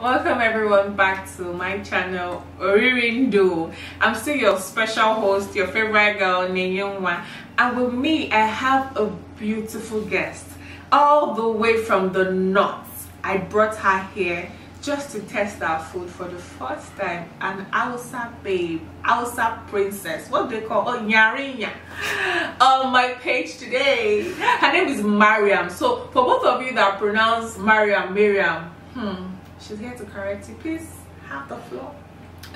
welcome everyone back to my channel oririndo i'm still your special host your favorite girl Nenyonwa and with me i have a beautiful guest all the way from the north i brought her here just to test our food for the first time an Alsa babe Alsa princess what they call oh nyarinya on my page today her name is Mariam so for both of you that pronounce Mariam Miriam hmm she's here to correct you please have the floor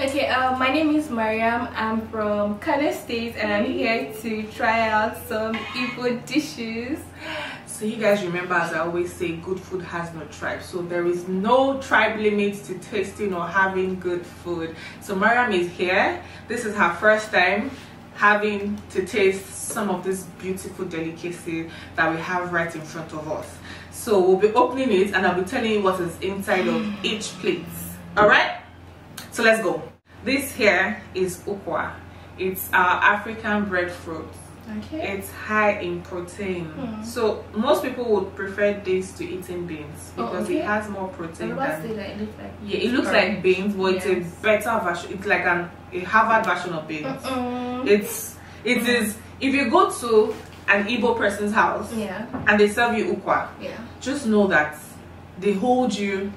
okay uh, my name is mariam i'm from kano state and i'm here to try out some ifo dishes so you guys remember as i always say good food has no tribe so there is no tribe limit to tasting or having good food so mariam is here this is her first time having to taste some of this beautiful delicacy that we have right in front of us so we'll be opening it and i'll be telling you what is inside of each plate all right so let's go this here is ukwa it's our uh, african breadfruit Okay. It's high in protein. Mm. So most people would prefer this to eating beans oh, because oh, okay. it has more protein. Than, it looks like yeah, it looks orange. like beans, but yes. it's a better version. It's like an a Harvard version of beans. Mm -mm. It's it is if you go to an Igbo person's house yeah. and they serve you ukwa, yeah. just know that they hold you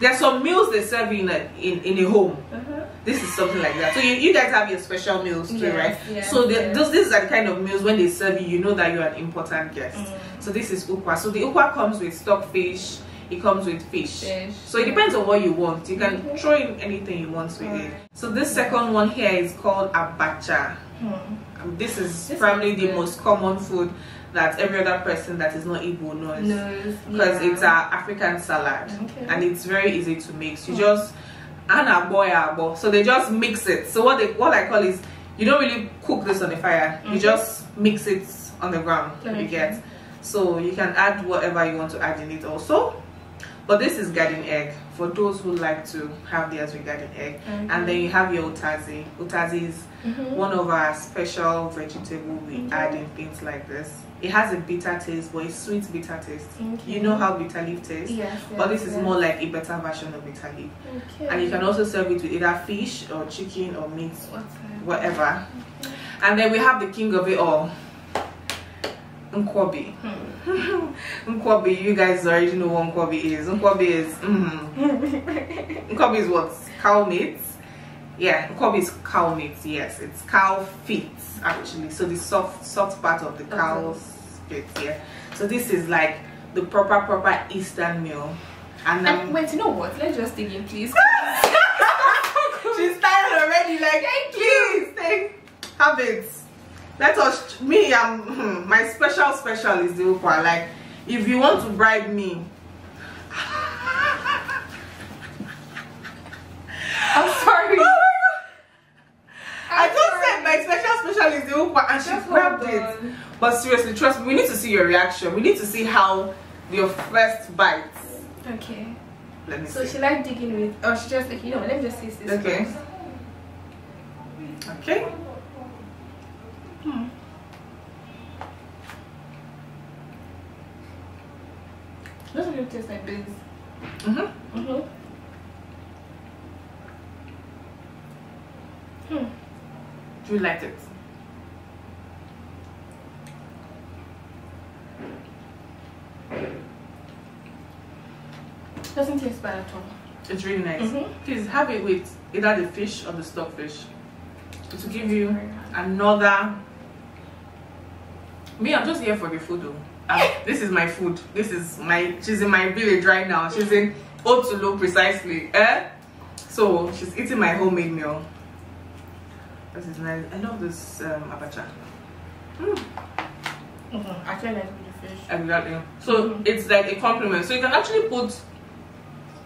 there are some meals they serve in a, in, in a home. Uh-huh. This is something like that. So you, you guys have your special meals too, yes, right? Yes, so yes. those these are the kind of meals when they serve you, you know that you're an important guest. Mm. So this is ukwa. So the ukwa comes with stockfish. It comes with fish. fish. So it depends on what you want. You can mm-hmm. throw in anything you want with mm. it. So this second one here is called abacha. Mm. This is this probably the most common food that every other person that is not Igbo knows. Because yeah. it's an African salad okay. and it's very easy to mix. You oh. just a boy abo. So they just mix it. So what they what I call is you don't really cook this on the fire. Okay. You just mix it on the ground. Okay. You get. So you can add whatever you want to add in it also but this is garden egg for those who like to have theirs with garden egg mm-hmm. and then you have your utazi utazi is mm -hmm. one of our special vegetable we mm-hmm. add in things like this it has a bitter taste but it's sweet bitter taste okay. you know how bitter leaf tastes yes, yes, but this yes. is more like a better version of bitter leaf and you can also serve it with either fish or chicken or meat whatever and then we have the king of it all Nkwobi. Hmm. Nkwobi, you guys already know what Nkwobi is. Nkwobi is, mm. Nkwobi is what? Cow meat? Yeah, Nkwobi is cow meat, yes. It's cow feet, actually. So the soft, soft part of the cow's feet, yeah. So this is like the proper, proper Eastern meal. And, um, and wait, you know what? Let's just dig in, please. She's tired already, like, thank please, take, have it let us me um. my special special is the ukwa like if you want to bribe me i'm sorry oh i just said my special special is the ukwa and she That's grabbed it but seriously trust me we need to see your reaction we need to see how your first bite okay let me so see. she like digging with Oh, she just like you know let me just see this okay okay beans. Mm-hmm. Mm-hmm. Hmm. Do you like it? doesn't taste bad at all. It's really nice. Mm -hmm. Please have it with either the fish or the stockfish. to give you another. Me, I'm just here for the food though. Ah, this is my food this is my she's in my village right now she's in Otulu precisely eh so she's eating my homemade meal this is nice i love this um abacha mm. Mm -hmm. actually mm-hmm. like the fish exactly so mm -hmm. it's like a compliment so you can actually put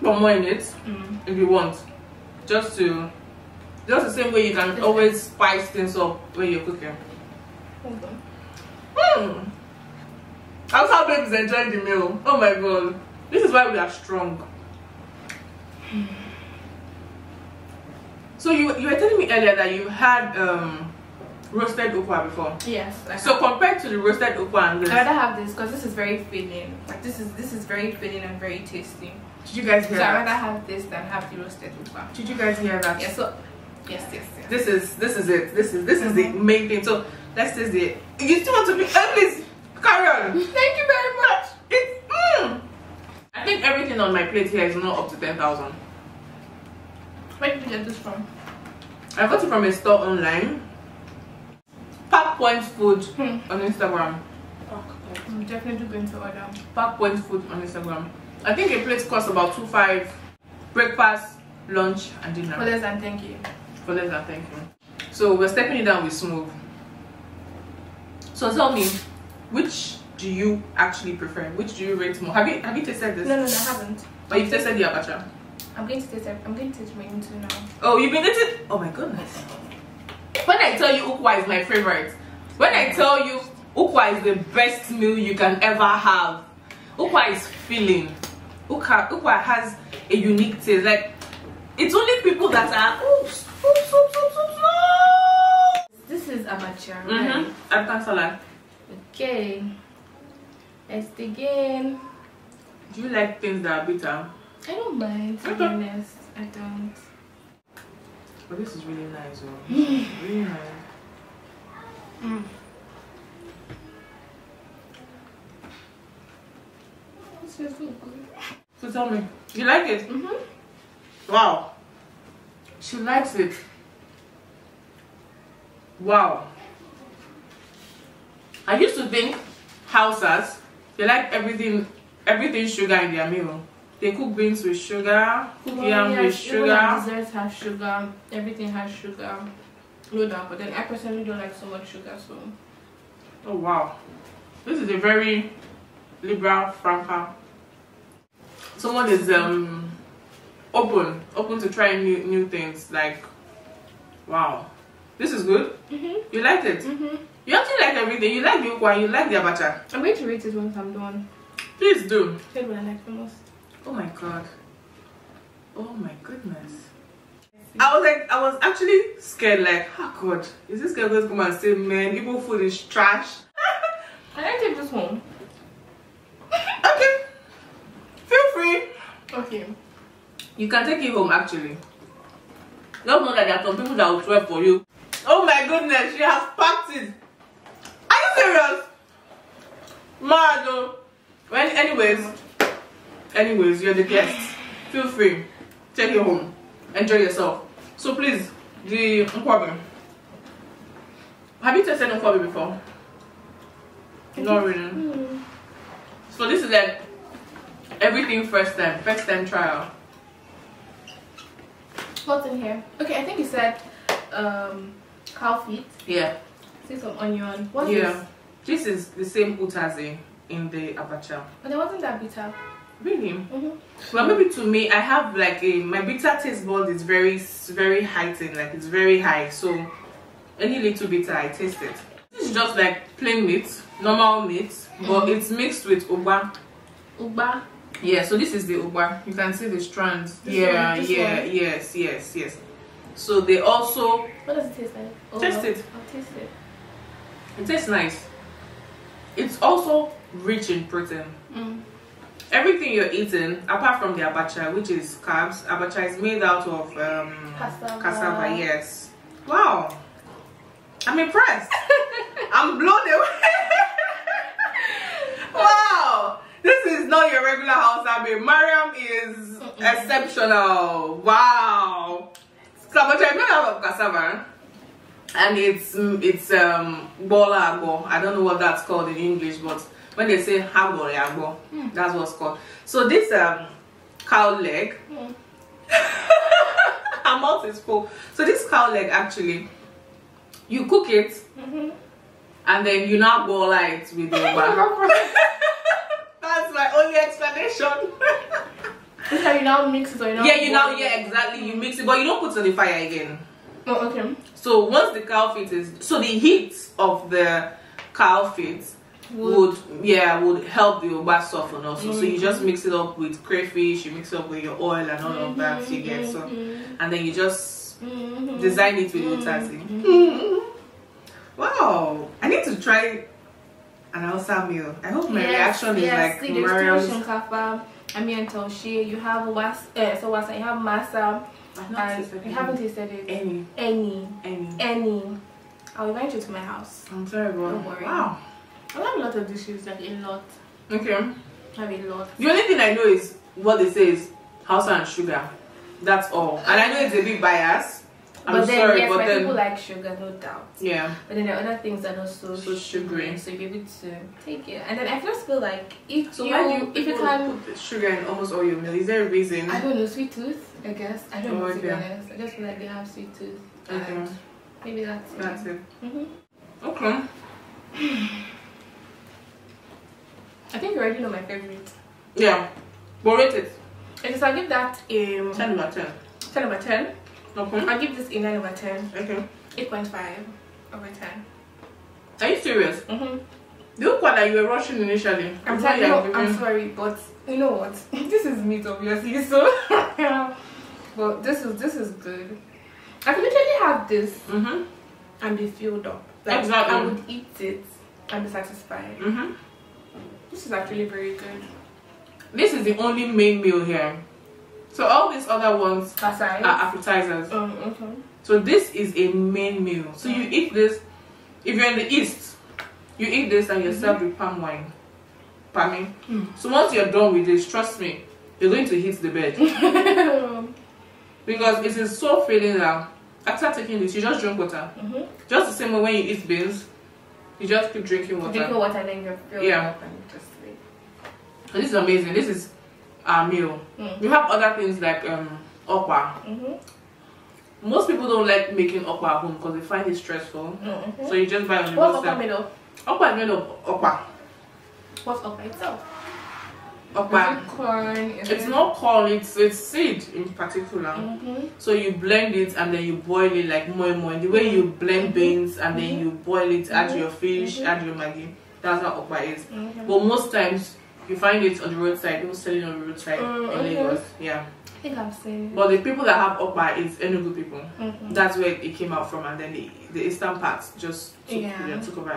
more in it mm-hmm. if you want just to just the same way you can always spice things up when you're cooking. Mm. I was how babies enjoying the meal. Oh my god. This is why we are strong. So you you were telling me earlier that you had um roasted okwa before. Yes. Like so compared to the roasted okwa and this, I rather have this because this is very filling. Like this is this is very filling and very tasty. Did you guys hear so that? I rather have this than have the roasted okwa. Did you guys hear that? Yes. So yes, yes, yes. This is this is it. This is this mm -hmm. is the mm-hmm. main thing. So let's taste it. You still want to be oh, Karen, thank you very much. It's hmm. I think everything on my plate here is not up to 10,000. Where did you get this from? I got it from a store online. Park Point Food hmm. on Instagram. I'm definitely going to order. Park Point Food on Instagram. I think a plate costs about two five. Breakfast, lunch, and dinner. For less than thank you. For less than thank you. So we're stepping it down with smooth. So tell me, which do you actually prefer? Which do you rate more? Have you have you tasted this? No, no, no I haven't. But oh, you've tasted the abacha. I'm going to taste. I'm going to taste my too now. Oh, you've been eating. Oh my goodness. When I tell you ukwa is my favorite, when I tell you ukwa is the best meal you can ever have, ukwa is filling. Ukwa ukwa has a unique taste. Like it's only people that are oops, oops, oops, oops, oops, oops. This is amateur. Mm-hmm. Right? Mm-hmm. Abkan salad okay let's begin. do you like things that are bitter i don't mind to be honest i don't but this is really nice though. really nice mm. this is so good so tell me you like it mm -hmm. wow she likes it wow I used to think Hausas, they like everything, everything sugar in their meal. They cook beans with sugar, cook well, yam with sugar. desserts have sugar, everything has sugar. No doubt, uh, but then I personally don't like so much sugar, so. Oh wow. This is a very liberal franca. Someone is um open, open to trying new, new things. Like, wow, this is good. Mm -hmm. You liked it. Mm -hmm. You actually like everything. You like the ukwa, you like the abacha. I'm going to rate it once I'm done. Please do. Tell what I like the most. Oh my god. Oh my goodness. I was like, I was actually scared, like, oh god, is this girl going to come and say, man, Igbo food is trash? Can I take this home? okay. Feel free. Okay. You can take it home, actually. Don't know that there are some people that will swear for you. Oh my goodness, she has packed it serious. Mad Well, anyways, anyways, you're the guest. Feel free. Take it home. Enjoy yourself. So please, the nkwabi. Have you tasted nkwabi before? Not really. Hmm. So this is like everything first time, first time trial. What's in here? Okay, I think you said um, cow feet. Yeah see some onion. yeah. This? this? is the same utazi in the abacha. But it wasn't that bitter. Really? Mm -hmm. Well, maybe to me, I have like a my bitter taste bud is very very heightened, like it's very high. So any little bitter, I taste it. This is just like plain meat, normal meat, but mm-hmm. it's mixed with ugba. Ugba. Yeah. So this is the ugba. You can see the strands. This yeah. One, yeah. One. Yes. Yes. Yes. So they also. What does it taste like? Oh, taste it. I'll taste it. It tastes nice. It's also rich in protein. Mm. Everything you're eating, apart from the abacha, which is carbs, abacha is made out of um, cassava. cassava. Yes. Wow. I'm impressed. I'm blown away. wow. This is not your regular house, Abby. Mariam is exceptional. Wow. So, abacha is made out of cassava and it's mm, it's um bola agbo i don't know what that's called in english but when they say hagori agbo mm. that's what's called so this um cow leg mm. her mouth is full so this cow leg actually you cook it mm -hmm. and then you now boil it with your that's my only explanation So you now mix it or you now yeah you now yeah exactly you mix it but you don't put it on the fire again Oh, okay. So once the cow feet is so the heat of the cow feet would, would yeah would help the butter soften also. Mm -hmm. So you just mm-hmm. mix it up with crayfish, you mix it up with your oil and all mm -hmm. of that you get mm-hmm. so, mm-hmm. and then you just design it with Mm-hmm. Wow, I need to try an Alsa meal. I hope my yes, reaction is yes, like see, Mariam's. Yes, I mean, Toshi, you have was, uh, eh, so wasa, you have masa, I've not and tasted haven't tasted it. Any. Any. Any. Any. I'll invite you to my house. I'm sorry, don't worry. Wow. I have a lot of dishes, like a lot. Okay. I have a lot. The only thing I know is what they say is house and sugar. That's all. And I know it's a big bias. I'm but then sorry, yes, but my then, people like sugar, no doubt. Yeah. But then there are other things that are so, so sugary, so you're able to take it. And then I just feel like if so you, you if you can put sugar in almost all your meal, is there a reason? I don't know, sweet tooth, I guess. I don't oh, know okay. to be honest. I just feel like they have sweet tooth. Okay. Maybe that's it. That's it. Mm hmm Okay. I think you already know my favorite. Yeah. But rate it. Because I give that a um, ten out of ten. Ten out of ten. Mm -hmm. I give this a 9 over 10. Okay. 8.5 over 10. Are you serious? Mm -hmm. You look what like you were rushing initially. I'm, sorry, I'm sorry, but you know what? this is meat, obviously, so. yeah. But this is this is good. I can literally have this mm -hmm. and be filled up. Like, exactly. I would eat it and be satisfied. Mm -hmm. This is actually very good. This is the only main meal here. So all these other ones are appetizers. Um, okay. So this is a main meal. So you eat this. If you're in the east, you eat this and you're mm -hmm. served mm-hmm. with palm wine. Palmy. Mm. So once you're done with this, trust me, you're going to hit the bed. because it is so filling that After taking this, you just drink water. Mm -hmm. Just the same way when you eat beans, you just keep drinking water. Drinking water, then you're filled yeah. up and just sleep. This is amazing. This is Our meal. Mm. We have other things like um okwa. Mm -hmm. Most people don't like making okwa at home because they find it stressful. -hmm. So you just buy on What's okwa made of? Okwa is made of okwa. What's okwa itself? Okpa. It corn? Is it's it? not corn, it's it's seed in particular. Mm -hmm. So you blend it and then you boil it like moi moi. The way mm-hmm. you blend mm-hmm. beans and then mm-hmm. you boil it, add your fish, add your maggi. That's how okpa is. But most times You find it on the roadside. People selling on the roadside mm, in Lagos. Yeah. I think I've seen. But the people that have by is Enugu people. Mm -hmm. That's where it came out from, and then the, the eastern part just took, yeah. yeah took over.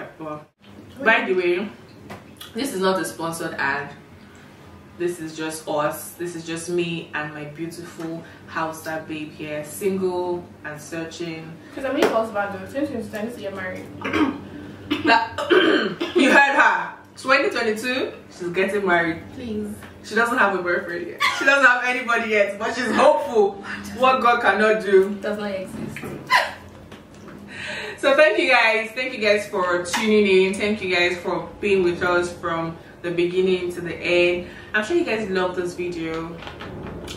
by the way, this is not a sponsored ad. This is just us. This is just me and my beautiful that babe here, single and searching. Because I'm in Hausa, though. Since you're to get married. that, you heard her. 2022, she's getting married. Please. She doesn't have a boyfriend yet. She doesn't have anybody yet, but she's hopeful. What God cannot do does not exist. so thank you guys. Thank you guys for tuning in. Thank you guys for being with us from the beginning to the end. I'm sure you guys love this video.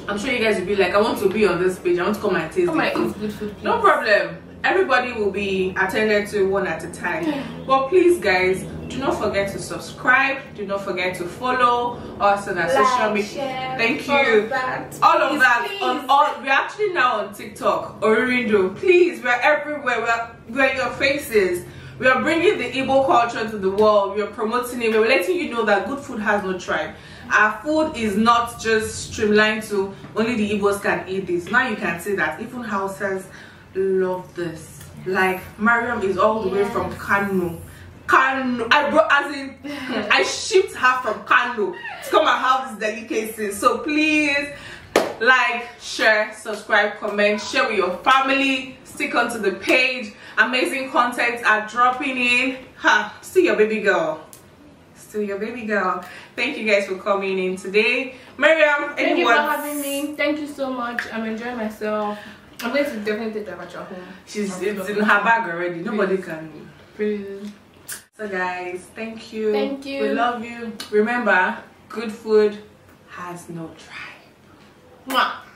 I'm sure you guys will be like, I want to be on this page. I want to come and taste come food, no problem. Everybody will be attended to one at a time. but please, guys, do not forget to subscribe do not forget to follow us on our like, social media share, thank you that, all please, of that please. on all we're actually now on tiktok orindo please we're everywhere we're we're your faces we are bringing the Igbo culture to the world. We are promoting it. We're letting you know that good food has no tribe. Our food is not just streamlined to only the Igbos can eat this. Now you can see that even houses love this. Like Mariam is all the way from Kanu Kano. I brought as in I shipped her from Kano to come and have this delicacy. So please like, share, subscribe, comment, share with your family, stick onto the page. Amazing contents are dropping in. Ha! see your baby girl. Still your baby girl. Thank you guys for coming in today. Miriam, Thank anyone? you for having me. Thank you so much. I'm enjoying myself. I'm going to definitely take that at your home. She's it's in her bag already. Nobody can. Please. So guys, thank you. Thank you. We love you. Remember, good food has no tribe. Mwah.